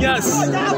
Yes.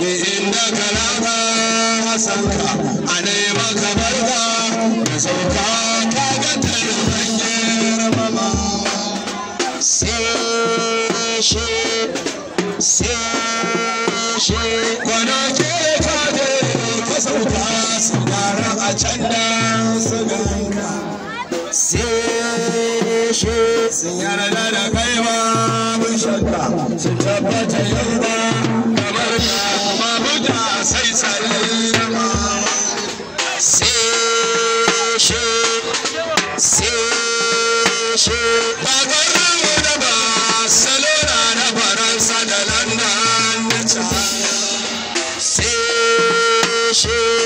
da inda kalaba hasanka a nema ka barga da sauka ka ga tarihanyar mama sai shi sai shi kwana ke ka da ka sauka sigara a can da siganka sai sun yarda da kai ba mun shakka sun tabbata yau ba sai sallama se shi sai shi bagarmu da barcelona na faransa da london na sai shi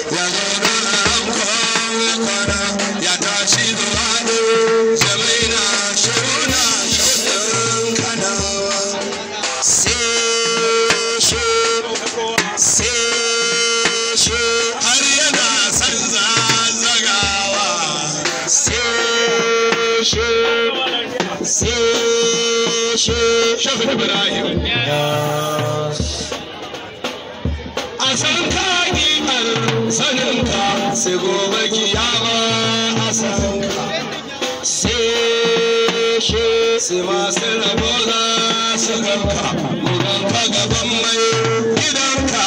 Şoför İbrahim. A san ka hakikar sanin ka sai gobe kiyama a san ka. Sai shi sai masu rabo za su ganka. Mugan ka gaban mai gidanka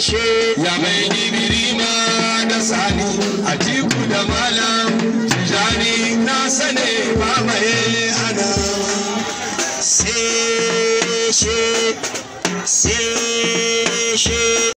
she ya mai ibirima da sani a tiku da malam tijani na sane ba mai ana sai she sai